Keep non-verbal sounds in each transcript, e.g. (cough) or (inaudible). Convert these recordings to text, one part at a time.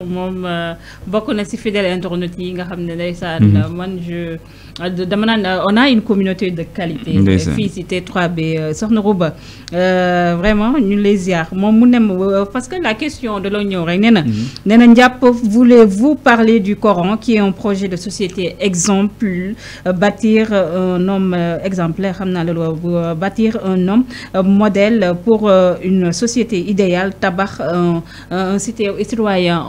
Je suis euh, euh, on a une communauté de qualité de 3 euh, b vraiment nous les parce que la question de l'union, mhm. voulez-vous parler du Coran qui est un projet de société exemple bâtir un homme exemplaire bâtir un homme modèle pour une société idéale un un citoyen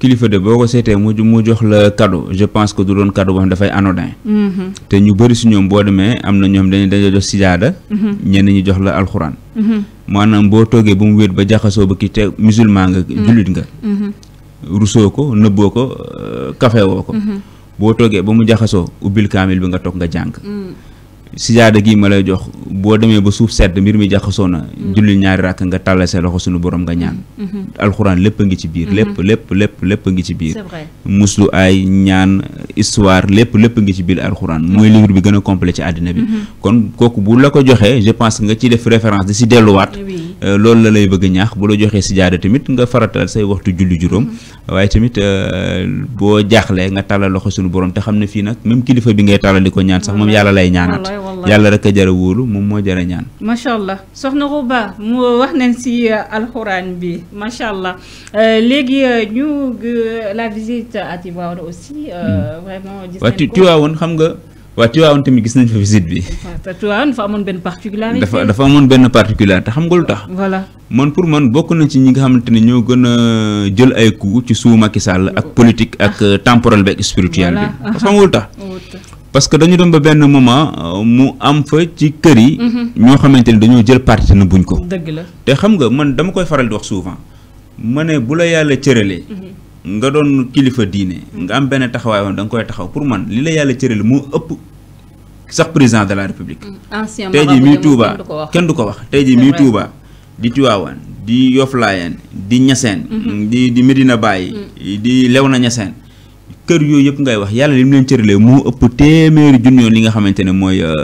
kilifa de boo ko seetee mu mu jox la cadeau je pense que du doon cadeau boo xam dafay anodin mm-hmm. te ñu bëri si ñoom boo demee am na ñoom dañu dañoo jox sijaada mm-hmm. ñenn ñi jox la alxuraan mm-hmm. maanaam boo toogee ba mu wéet ba jaxasoo ba kii te musulman nga jullit nga rusoo ko nëbboo ko kafe euh, woo ko boo toogee ba mu jaxasoo ubbil kaamil bi nga toog nga jàng mm. sijaada gii ma lay jox boo demee ba suuf sedd mbir mi jaxasoo na mm. jullil ñaari rakk nga tàllal sa loxo sunu borom nga ñaan mm-hmm. Mm-hmm. alxuraan lépp a ngi ci biir lépp mm-hmm. lépp lépp lépp a ngi ci biir muslu ay ñaan histoire lépp lépp a ngi ci biir alxuraan mooy livre bi gën a complet ci àddina bi kon kooku bu la ko joxee je pense nga ci def référence di si delluwaat Euh, loolu la lay bëgg ñaax bu la joxee sijaada tamit nga faratal say waxtu julli juróom mm-hmm. waaye tamit euh, boo jaaxlee nga tàllal loxo sunu borom te xam ne fii nag même kilifa bi ngay tàllal di ko ñaan sax moom yàlla lay ñaanaat yàlla rek a jara wóolu moom moo jara ñaan macha allah soxna Ruba mu wax nañ si euh, alxuraan bi macha allah léegi ñu la visite à Tivaouane aussi mm. vraiment gis nañ ko xam nga waa Tiwaawan tamit gis nañ fa visite bi. dafa amoon benn particularité. dafa dafa amoon benn particularité te xam nga lu tax. voilà man pour man bokk na ci ñi nga xamante ne ñoo gën a jël ay coup ci suuf Macky Sall ak politique ak ah. euh, temporel bi ak spirituel bi. parce xam nga lu tax. (laughs) parce que dañu doon ba benn moment euh, mu am fa ci kër yi. Mhm. ñoo xamante ne dañoo jël parti na buñ ko. dëgg la te xam nga man dama koy faral di wax souvent ma ne bu la yàlla cëralee. Mhm. nga doon kilifa diine. Mhm. nga am benn taxawaay woon da nga koy taxaw pour man li la yàlla cëralee ëpp. sax président de la république. Mm, ancien tey jii muy Touba kenn du ko wax tey jii muy Touba di Tiwaawan di Yoflaayeen di Ñaseen. Mm-hmm. di di Medina Baye. Mm. di lew na Ñaseen. kër yooyu yëpp ngay wax yàlla li mu leen moo ëpp téeméeri junni li nga xamante ne mooy euh,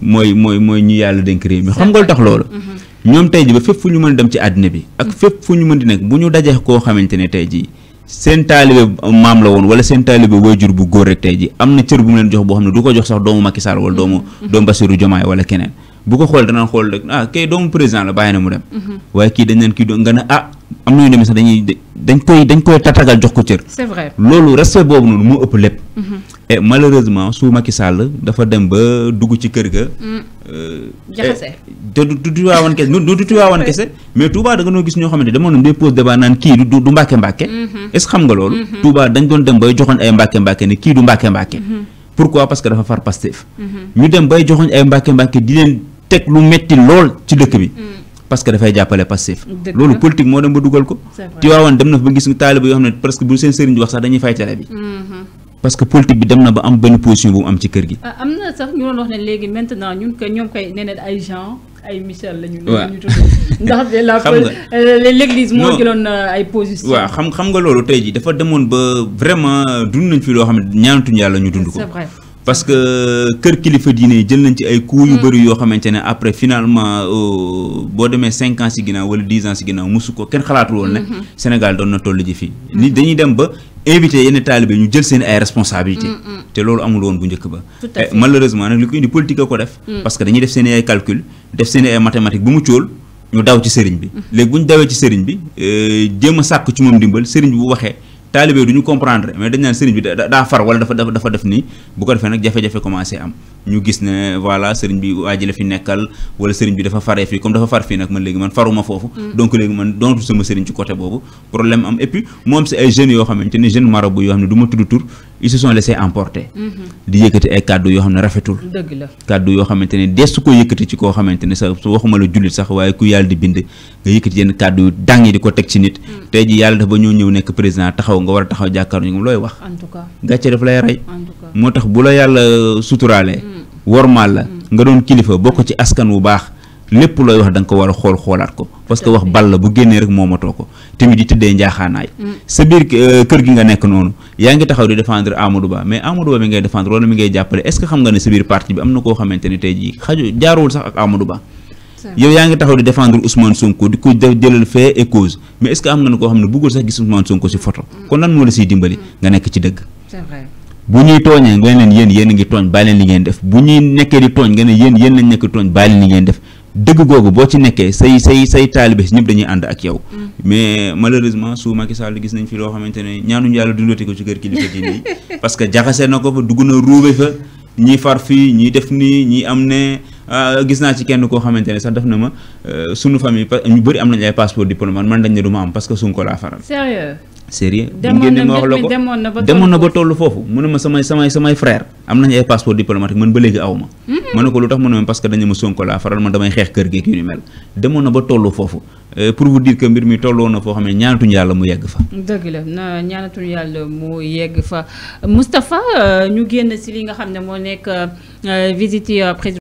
mooy mooy mooy ñu yàlla dénk mi xam nga tax loolu. Mm-hmm. ñoom tey ji ba fépp fu ñu mën dem ci àddina bi. ak mm-hmm. fépp fu ñu mën di nekk bu ñu dajee koo xamante ne tey jii. seen taalibe maam la woon wala seen taalibe waajur bu góor rek tey ji am na cër bu mu leen jox boo xam ne du ko jox sax doomu Macky Sall wala doomu mm-hmm. doomu Bassirou Diomaye wala keneen bu ko xool danaan xool rek ah kay doomu président la bàyyi na mu dem mm-hmm. waaye kii dañ kii do nga ne ah am na ñu demee sax dañuy dañ koy dañ koy tatagal jox ko cër. c'est vrai loolu respect boobu noonu moo ëpp lépp. Mhm. et malheureusement su Macky Sall dafa dem ba dugg ci kër ga. Mm. Euh, jaxase te du Tivaouane kese du Tivaouane kese mais Touba da nga noo gis ñoo xamante dama doon day pose débat naan kii du du Mbàkke Mbàkke. est ce xam nga loolu. Mhm. Touba dañ doon dem bay joxoon ay Mbàkke Mbàkke ne kii du Mbàkke Mbàkke. Mhm. pourquoi parce que dafa far pastif ñu dem bay joxoon ay Mbàkke Mbàkke di leen teg lu metti lool ci dëkk bi. Mm. parce que dafay jàppale Pastef loolu politique moo dem ba dugal ko Tiwaawan dem na ba gis nga taaliba yoo xam ne presque bu seen sëriñ bi wax sax dañuy fay bi mm-hmm. parce que politique bi dem na ba am benn position bu mu am ci kër gi ah, am na sax ñu doon wax ne léegi maintenant ñun ko ñoom koy nee na ay gens ay Michel lañu ñu tudd (laughs) ndax la euh, l'église moo jëloon euh, ay position waaw xam xam nga loolu tey ji dafa demoon ba vraiment dund nañ fi loo xam ne yàlla ñu dund ko parce que kër kilifa diine jël nañ ci ay coups yu mm. bëri yoo xamante ne après finalement euh, boo demee cinq ans si ginnaaw wala dix ans si ginnaaw mosu ko kenn xalaatu woon ne mm-hmm. Sénégal doon na toll ji fii mm-hmm. nit dañuy dem ba invité yenn taalibe ñu jël seen ay responsabilité mm-hmm. te loolu amul woon bu njëkk ba malheureusement nag li ko indi politique a ko def mm. parce que dañuy def seen i ay calcul def seen ay mathématique bu mu cóol ñu daw ci sëriñ bi léegi bu ñu dawee ci sëriñ bi euh, jéem a sàkk ci moom dimbal sëriñ bi bu waxee taalibe du ñu comprendre mais dañ naan sëriñ bi daa far wala dafa dafa def nii bu ko defee nag jafe-jafe commencé am ñu gis ne voilà sëriñ bi waa ji la fi nekkal wala sëriñ bi dafa faree fii comme dafa far fii nag man léegi man faruma foofu mm. donc léegi man dontu sama sëriñ ci côté boobu problème am et puis moom si ay jeunes yoo xamante ne jeune marabout yoo xam ne du ma tudd tur ils se sont laissés emporter mm-hmm. di yëkkati ay kàddu yoo xam ne rafetul dëgg la kàddu yoo xamante ne des su ko yëkkati ci koo xamante ne sa waxuma la jullit sax waaye ku yàlla di bind nga yëkkati di ko teg ci nit mm. tey ji yàlla dafa ba ñoo ñëw nekk président nga a taxaw jàkkaarloo ñu looy wax gàcce daf lay rey moo tax bu la wormaal la nga doon kilifa bokk ci askan wu baax lépp looy wax danga ko war a xool xoolaat ko parce que wax bal la bu génnee rek moomatoo ko tamit di tëddee njaaxaanaay mm. sa biir euh, kër gi nga nekk noonu yaa ngi taxaw di défendre Amadou Ba mais Amadou Ba mi ngay défendre wala mi ngay jàppale est ce que xam nga ne sa biir parti bi am na koo xamante ne tey jii xaju jaaruwul sax ak Amadou Ba yow yaa ngi taxaw di défendre Ousmane Sonko di ko jëlal fee et mais est ce koo xam ne bëggul sax gis Ousmane Sonko si photo mm. kon lan moo la siy dimbali nga nekk ci dëgg bu ñuy tooñee nga leen yéen yéen ngi tooñ bàyyi leen li ngeen def bu ñuy nekkee di tooñ nga ne yéen yéen lañ nekk tooñ bàyyi leen li ngeen def dëgg googu boo ci nekkee say say say taalibe si ñëpp dañuy ànd ak yow. Mm. mais malheureusement su Macky Sall gis nañ fi loo xamante ne ñaanuñu yàlla dundati ko ci kër kilifa diine yi (laughs) parce que jaxase na ko fa dugg na ruube fa ñii far fii ñii def nii ñii am ne ah, gis naa ci kenn koo xamante ne sax def na ma euh, sunu famille ñu bëri am nañ ay passeport diplomate man dañ ne am parce que Sonko laa faral. sérieux ngeen ne ma wax la ko demoon na ba toll foofu mu samay samay frère am nañu ay passeport diplomatique man ba léegi aw ma ma ko lu tax mu ne ma parce dañu ma Sonko laa faral man damay xeex kër gi ki ñu mel demoon na ba toll foofu euh, pour vous dire que mbir mi tolloon foo xam ne ñaanatuñu yàlla mu yegg fa dëgg la ñaanatuñu yàlla mu yegg fa Moustapha euh, ñu génn si li nga xam ne moo nekk euh, visite président